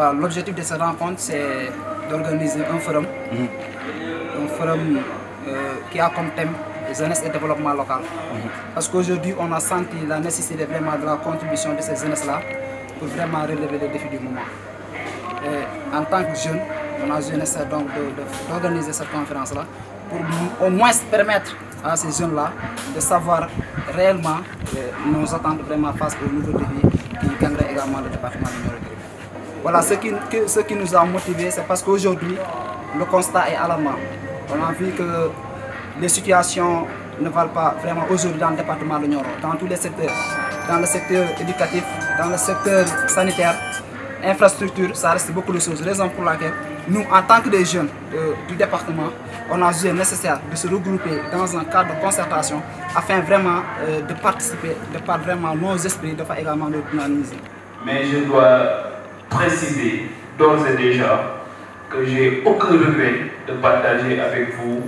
Voilà, L'objectif de cette rencontre, c'est d'organiser un forum, mmh. un forum euh, qui a comme thème jeunesse et développement local. Mmh. Parce qu'aujourd'hui, on a senti la nécessité vraiment de la contribution de ces jeunesses-là pour vraiment relever les défis du moment. en tant que jeunes on a essayé donc d'organiser cette conférence-là pour au moins permettre à ces jeunes-là de savoir réellement euh, nos vraiment face aux nouveaux défis qui gangrènent également le département Voilà, ce qui, que, ce qui nous a motivés, c'est parce qu'aujourd'hui, le constat est alarmant. On a vu que les situations ne valent pas vraiment aujourd'hui dans le département de Nioro, dans tous les secteurs, dans le secteur éducatif, dans le secteur sanitaire, infrastructure, ça reste beaucoup de choses. nous, en tant que des jeunes euh, du département, on a jugé nécessaire de se regrouper dans un cadre de concertation afin vraiment euh, de participer, de par vraiment nos esprits, de faire également notre préciser d'ores et déjà que j'ai aucun regret de partager avec vous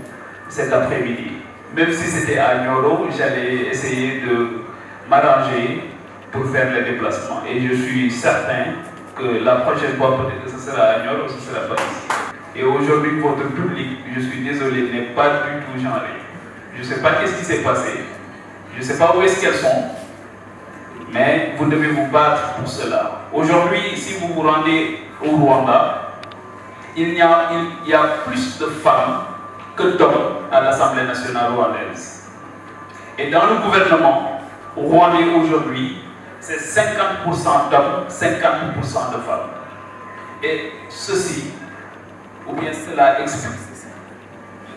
cet après-midi. Même si c'était à Nioro, j'allais essayer de m'arranger pour faire les déplacements. Et je suis certain que la prochaine fois, peut-être que ce sera à Nioro, ce sera pas ici. Et aujourd'hui, votre public, je suis désolé, n'est pas du tout genré. Je sais pas qu'est-ce qui s'est passé. Je sais pas où est-ce qu'elles sont. mais vous devez vous battre pour cela. Aujourd'hui, si vous vous rendez au Rwanda, il y a, plus de femmes que d'hommes à l'Assemblée nationale rwandaise. Et dans le gouvernement rwandais aujourd'hui, c'est de femmes. Et ceci, ou bien cela explique.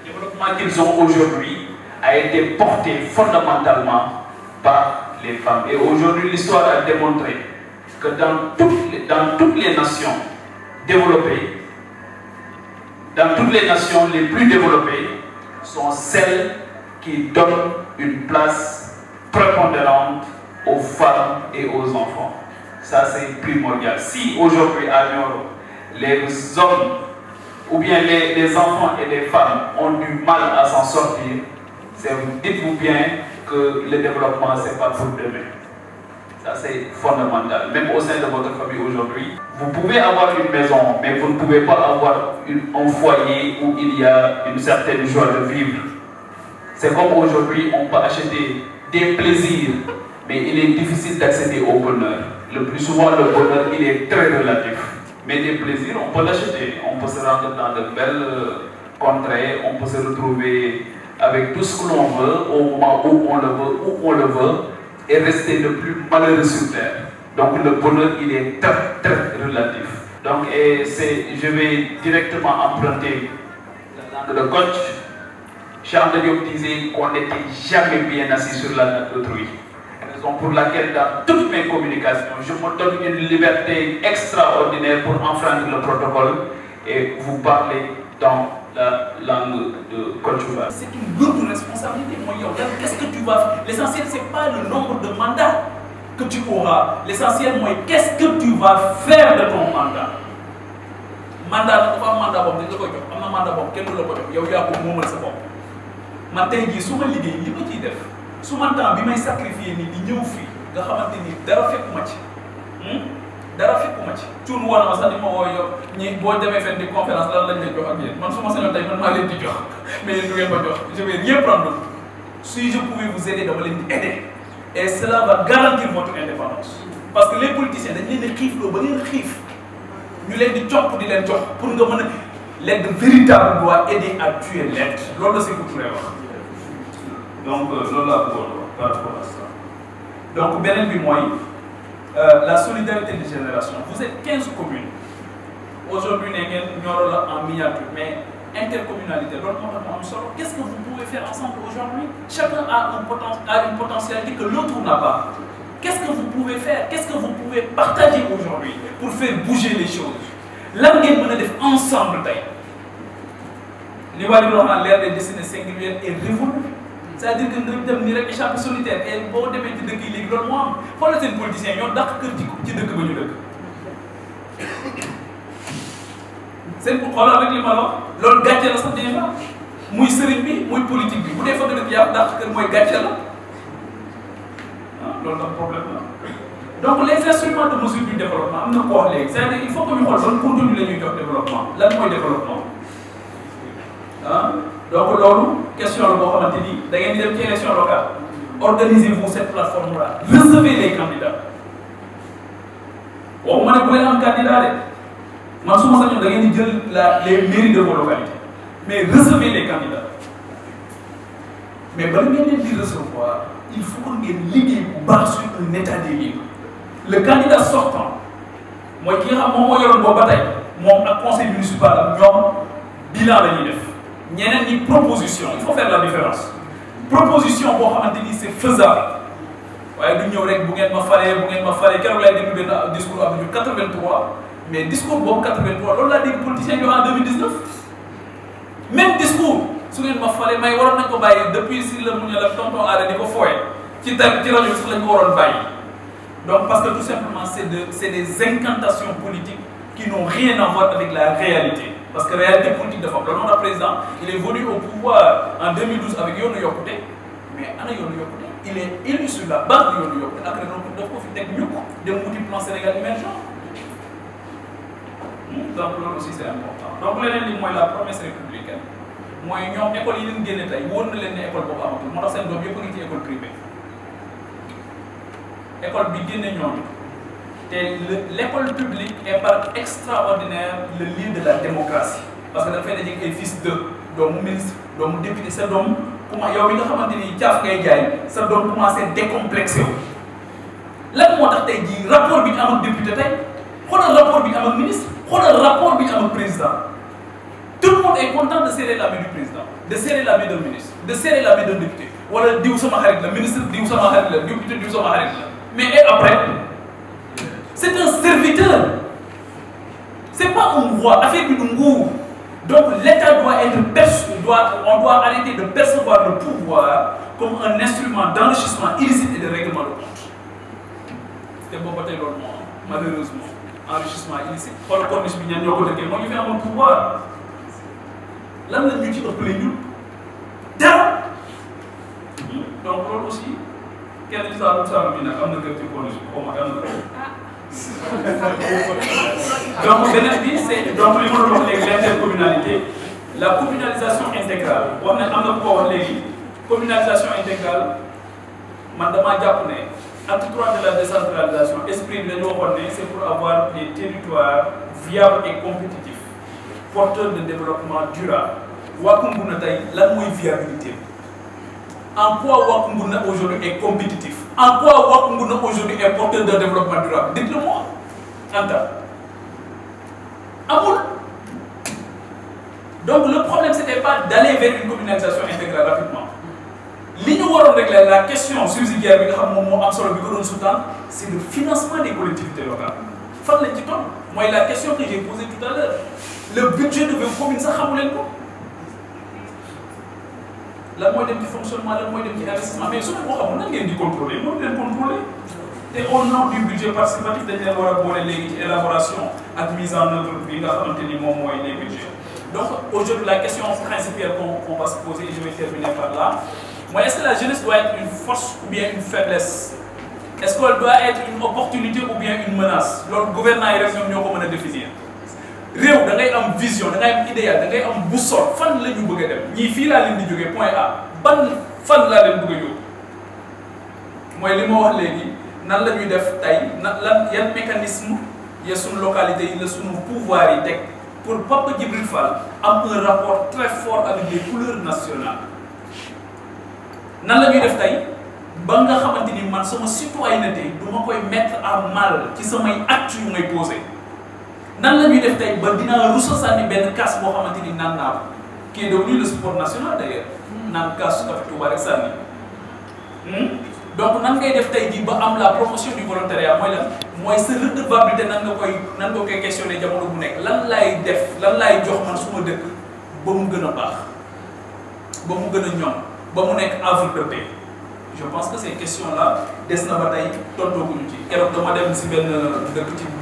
Le développement qu'ils ont aujourd'hui a été porté fondamentalement par les femmes. Et aujourd'hui, l'histoire a démontré que dans toutes, les, dans les nations développées, dans toutes les nations les plus développées, sont celles qui donnent une place prépondérante aux femmes et aux enfants. Ça, c'est primordial. Si aujourd'hui à l'Europe, les hommes ou bien les, enfants et les femmes ont du mal à s'en sortir, dites-vous bien que le développement, c'est pas pour demain. c'est fondamental. Même au sein de votre famille aujourd'hui, vous pouvez avoir une maison, mais vous ne pouvez pas avoir un foyer où il y a une certaine joie de vivre. C'est comme aujourd'hui, on peut acheter des plaisirs, mais il est difficile d'accéder au bonheur. Le plus souvent, le bonheur, il est très relatif. Mais des plaisirs, on peut l'acheter. On peut se rendre dans de belles euh, contrées, on peut se retrouver avec tout ce que veut, au moment on le veut, où on le veut, et rester le plus malheureux sur le bonheur, est très, très relatif. Donc et je vais directement emprunter le coach. Charles disait qu'on n'était jamais bien assis sur la tête d'autrui. Raison pour laquelle dans toutes mes communications, je me donne une liberté extraordinaire pour enfreindre le protocole et vous parler dans la langue de Côte d'Ivoire. C'est une lourde responsabilité, mon Qu'est-ce que tu vas faire L'essentiel, ce n'est pas le nombre de mandats que tu auras. L'essentiel, moi, qu'est-ce que de ton mandat mandat nag dafa am mandat boobu dañ la koy jox am na mandat boobu kenn du la ko jox yow yaa ko moomal sa bopp man tey jii su ma liggéey li ma ciy def su ma temps bi may sacrifier nii di ñëw fii nga xamante ni dara fekk ma ci. Hmm? dara fekkuma ci cuun woon na ma sax ma woo yow ñi boo demee fenn di conférence lan lañ lay jox ak yéen man su ma sañoon tey man maa leen di jox mais yéen du ngeen ma jox je vais rien prendre si je pouvais vous aider dama leen di aider et cela va garantir votre indépendance parce que les politiciens dañ leen di xiif loo ba ngeen xiif ñu leen di leen jox pour nga mën a l'aide véritable doit aider à tuer l'aide loolu la si couturé wax donc euh, loolu laa bëggoon wax par euh, la solidarité des générations vous êtes 15 communes aujourd'hui ne ngeen Nioro la en miniature mais intercommunalité loolu moo tax mu am solo qu'est-ce que vous pouvez faire ensemble aujourd'hui chacun a un poten a une que l'autre n'a pas qu'est-ce que vous pouvez faire qu'est-ce que vous pouvez partager aujourd'hui pour faire bouger les choses lan ngeen mën a def ensemble tey li waa di wax naan l'ère des destinées singulières est révolue sa à dire que nga dem nii rek échappé solitaire et boo demee ci dëkk yi léegi loolu moo am xoolal seen politiciens ñoo dàq kër ci ci dëkk ba ñu dëkk. seen xoolal rek li ma la wax loolu gàcce la sax déjà bi muy politique bi bu dee fa nga dëkk yaa dàq kër mooy gàcce la ah loolu tam problème la. donc les instruments de mesure du développement am na ko wax léegi c'est-à-dire il faut que ñu xool ban contenu la ñuy jox développement lan mooy développement ah. donc loolu question la boo xamante ni da ngeen di dem ci élection locale organisez-vous cette plateforme là recevez les candidats waxuma ne bu leen am candidat de man su ma sañoon da ngeen di jël la les mairies de vos localités mais recevez les candidats mais bala ngeen leen di recevoir il faut ngeen liggéey bu baax sur un état des mooy ki nga xam moom moo yoroon boobu ba tey moom ak conseil municipal ñoom bilan la ñuy ñeneen ñi proposition il faut faire la différence proposition boo xamante di c'est faisable waaye du ñëw rek bu ngeen ma falee bu ngeen ma falee keroog laay déglu benn discours am ñu 83 mais discours boobu 83 loolu laa dégg politiciens yi en 2019 même discours su ngeen ma falee may waroon ko bàyyi depuis si la mu ne la tonton aada di ko fooye ci tar ci rajo bi sax lañ ko waroon bàyyi donc parce que tout simplement c'est de c'est des incantations politiques qui n'ont rien parce que réalité politique dafa am loolu moo tax président il est venu au pouvoir en 2012 avec yoonu yokkute mais ana yoonu yokkute il est élu sur la base de yoonu yokkute après donc daf ko fi teg ñu ko dem plan Sénégal émergent hmm? donc loolu aussi c'est important donc leneen li mooy la promesse républicaine mooy ñoom école yi leen génne tey wóor na leen ne école boobu amatul moo tax seen doom yëpp a ngi ci école privée école bi génne te l'école publique est par extraordinaire le lieu de la démocratie parce que dafay dajeeg ay fils de doomu ministre doomu député sa doom comment yow mi nga xamante ni jaaf ngay jaay sa doom commencé décomplexé wu. lan moo tax tey jii rapport bi ñu am ak député tey xoolal rapport bi ñu am ak ministre xoolal rapport bi ñu am ak président tout le monde est content de serrer la main du président de serrer la main ministre de serrer la main député wala diw sama xarit la mais et après. c'est un serviteur c'est pas un roi affaire bi du nguur donc l'État doit être perçu doit on doit arrêter de percevoir le pouvoir comme un instrument d'enrichissement illicite de règlement de compte te boobu ba tey loolu moo am malheureusement enrichissement illicite xool corniche bi ñan ñoo ko dëkkee moo ñu fi amoon pouvoir lan la ñu ci ëppale ñun dara donc loolu aussi kenn ci saalum saalum yi nag am na bi xaw ma am donc beneen bi c'est donc li ma la communalisation intégrale wax nañ am na ko wax léegi communalisation intégrale man damaa jàpp ne acte trois de la décentralisation esprit bi dañu waxoon ne c'est pour avoir des territoires viables et compétitifs porteurs de développement durable Wakunguna tey lan mooy viabilité en quoi Wakunguna aujourd'hui est compétitif En quoi Wakungun aujourd'hui est porteur d'un développement durable Dites-le-moi. Anta. Amoul. Donc le problème, ce n'était pas d'aller vers une communalisation intégrée rapidement. L'ignorant régler la question subsidiaire, c'est le financement des collectivités locales. Fan Moi, la question que j'ai posée tout à l'heure, le budget de vos communes, ça, vous lan mooy dem ci fonctionnement lan mooy dem ci investissement mais su ma ko nan ngeen di contrôler mënu leen contrôler te au nom du budget participatif dañ leen war a boole léegi ci élaboration ak mise en œuvre bi nga xamante ni moom mooy les budgets donc la question principale qu'on qu'on va se poser et je vais terminer par là mooy est la jeunesse doit être une force ou bien une faiblesse est-ce qu'elle doit être une opportunité ou bien une menace loolu gouvernants yi rek ñoom ñoo ko mën a définir réew da ngay am vision da ngay am idéal da ngay am boussole fan la ñu bëgg a dem ñii fii laa leen di jógee point A ban fan laa leen bëgg a mooy li ma wax léegi nan la ñuy def tey nan lan yan mécanisme ya suñu localité yi la suñu pouvoir yi teg pour Papa Djibril Fall am un rapport très fort avec les couleurs nationales nan la ñuy def tey ba nga xamante ni man sama citoyenneté du koy mettre à mal ci samay actes yu may posé nan la ñuy def tey ba dinaa rusa sànni benn kaas boo xamante ni naan naa ko qui est devenu le sport national d'ailleurs hmm. naan kaas café Touba rek sànni hmm? donc nan ngay def tey jii ba am la promotion du volontariat mooy lan mooy sa redevabilité nan nga koy nan nga koy questionné jamono bu nekk lan laay def lan laay jox man su dëkk ba mu gën a baax ba mu gën a ñoom ba mu nekk havre de je pense que ces questions là des na ba tey tontooguñu ci keroog dama dem ci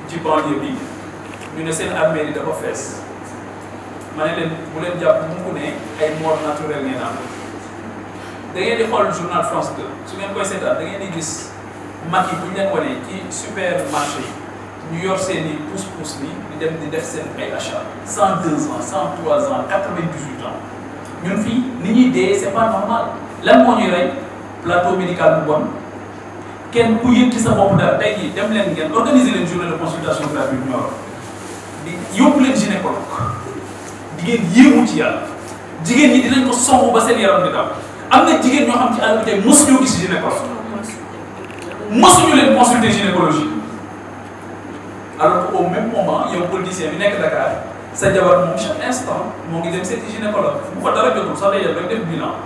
ci banlieue ñu ne seen armée yi dafa fees ma leen bu leen jàpp mukk ne ay mort naturel ngeen am da ngeen di xool journal France 2 su ngeen koy seetaan da ngeen di gis mag yi bu leen wanee ci supermarché yi ñu yor seen i pousse-pousse ni di dem di def seen ay achat cent deux ans cent trois ans quatre-vingt-dix-huit ans ñun fii ni ñuy dee c'est pas normal lan moo ñuy rey plateau médical bu bon kenn ku yëg ci sa bopp dara tey dem leen ngeen organiser leen journée de consultation gratuite yo leen gynécologue di ngeen yéemu ci yàlla jigéen ñi dinañ ko songu ba seen yaram di daw am na jigéen ñoo xam ci àll bi tey mosuñoo gis gynécologue mosuñu leen consulter gynécologie alors que au même moment yow politicien bi nekk Dakar sa jabar moom chaque instant moo ngi dem seeti gynécologue bu ko dara jotul sax day rek def bilan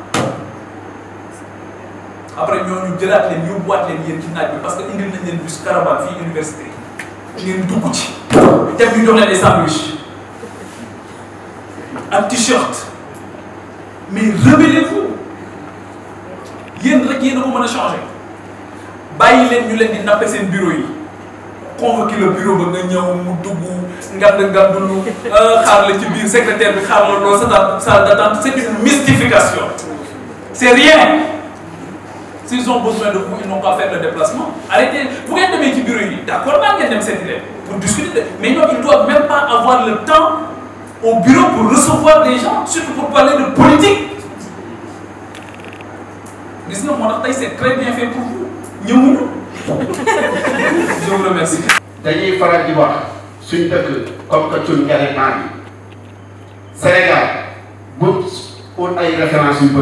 après ñooñu jëlaat leen yóbbuwaat leen yéen ci naaj bi parce que indil nañ leen bus caravane fii université ngeen dugg ci. def ñu jox leen des sandwich ak t-shirt mais rebellez-vous yéen rek yéen a ko mën a changer bàyyi leen ñu leen di nappe seen bureau yi convoqué le bureau ba nga ñëw mu dugg ngand ngandulu euh, xaar la ci biir secrétaire bi xaar la lool sa salle d'attente c'est une mystification c'est rien. s'ils ont besoin de vous ils n'ont qu'à faire le déplacement arrêtez bu ngeen demee ci bureau yi d'accord maa ngeen dem seeti leen pour discuter mais ñoom ils doivent même pas avoir le temps au bureau pour recevoir des gens surtout pour parler de politique gis nga moo tax tey c'est très bien fait pour vous ñëwuñu je vous remercie dañuy faral di wax suñ dëkk comme que cuñ carrément bi Sénégal bu pour ay références yu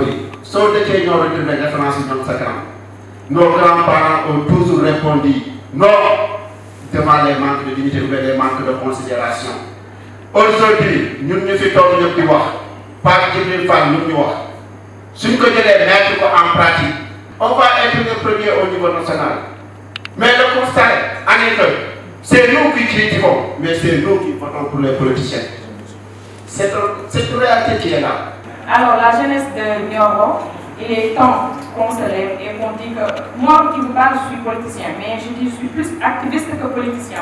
soo dëkkee ñoo rek les références yi ñoom sa kanam nos grands-parents ont toujours répondu non devant les manques de dignité ou bien les de considération aujourd'hui ñun ñu fi toog ñëpp di wax Pape Djibril Fall ñun ñu wax suñ ko jëlee mettre ko en pratique on va être le premier au niveau national mais le constat en est que c'est nous qui critiquons mais c'est nous qui votons pour les politiciens c'est une réalité qui Alors la jeunesse de Nioro, il est temps qu'on se lève et qu'on dit que moi qui vous parle, je suis politicien, mais je dis je suis plus activiste que politicien.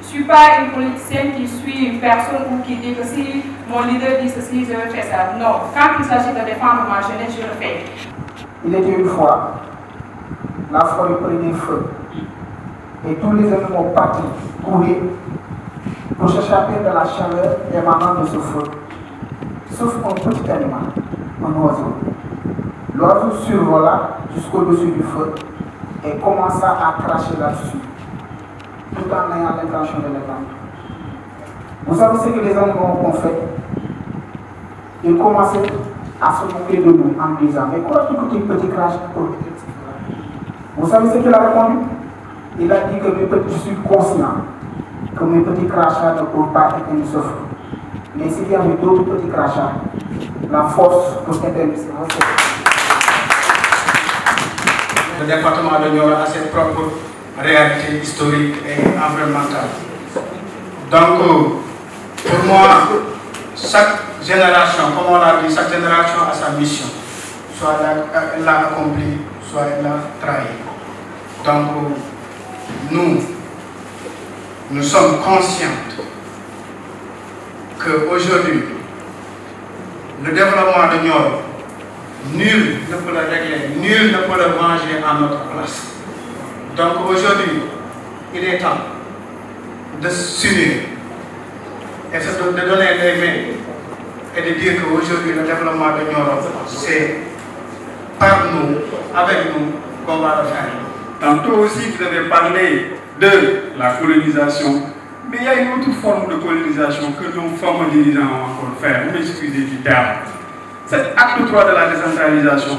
Je suis pas une politicienne qui suit une personne ou qui dit que si mon leader dit ceci, je vais faire ça. Non, quand il s'agit de défendre ma jeunesse, je le fais. Il était une fois, la forêt prenait feu et tous les animaux partis, courir pour s'échapper de la chaleur émanant de ce sauf un petit aliment, un oiseau. L'oiseau survola jusqu'au-dessus du feu et commença à cracher là-dessus, tout en ayant l'intention de l'éteindre. Vous savez ce que les animaux ont fait Ils commençaient à se moquer de nous en disant Mais quoi tu coûtes une petite crache pour Vous savez ce qu'il a répondu Il a dit que mes petits, je suis conscient que mes petits crachats ne peuvent pas éteindre ce feu. mais s'il y avait d'autres petits crachats, la force peut s'intéresser à ça. Le département de Nioro a ses propres réalités historiques et environnementales. Donc, chaque génération, comme l'a dit, chaque génération a mission. Soit l'a accomplie, soit l'a trahi. Donc, nous, nous sommes conscients que aujourd'hui le développement de Nioro nul ne peut le régler nul ne peut le manger à notre place donc aujourd'hui il est temps de s'unir et de donner les mains et de dire que aujourd'hui le développement de Nioro c'est par nous avec nous qu'on va le faire tantôt aussi vous avez parlé de la colonisation Mais il y a une autre forme de colonisation que nos formes dirigeants ont encore fait, vous m'excusez du terme. C'est acte 3 de la décentralisation.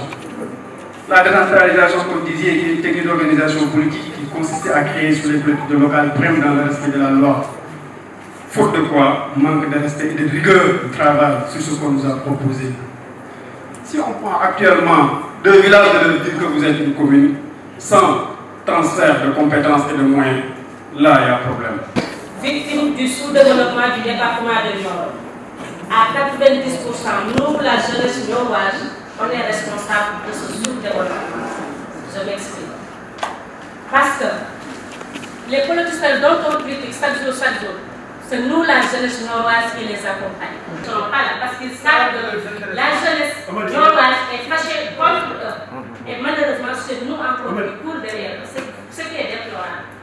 La décentralisation, comme vous disiez, est une technique d'organisation politique qui consistait à créer sur les politiques locales prime dans de la loi. Faute de quoi, manque de respect et de rigueur du travail sur Si on prend actuellement deux villages de leur dire que vous êtes une commune, de compétences et de moyens, là y a un victime du sous-développement du département de Nioro. À 90 pour cent, nous, la jeunesse nioroise, on est responsable de ce sous-développement. Je m'explique. Parce que les politiciens dont on critique chaque jour, chaque jour, c'est nous, la jeunesse nioroise, qui les accompagne. Ils ne sont pas là parce qu'ils savent que la jeunesse nioroise est fâchée contre eux. Mhm. Et malheureusement, c'est nous encore qui courent derrière, ce qui est déplorable.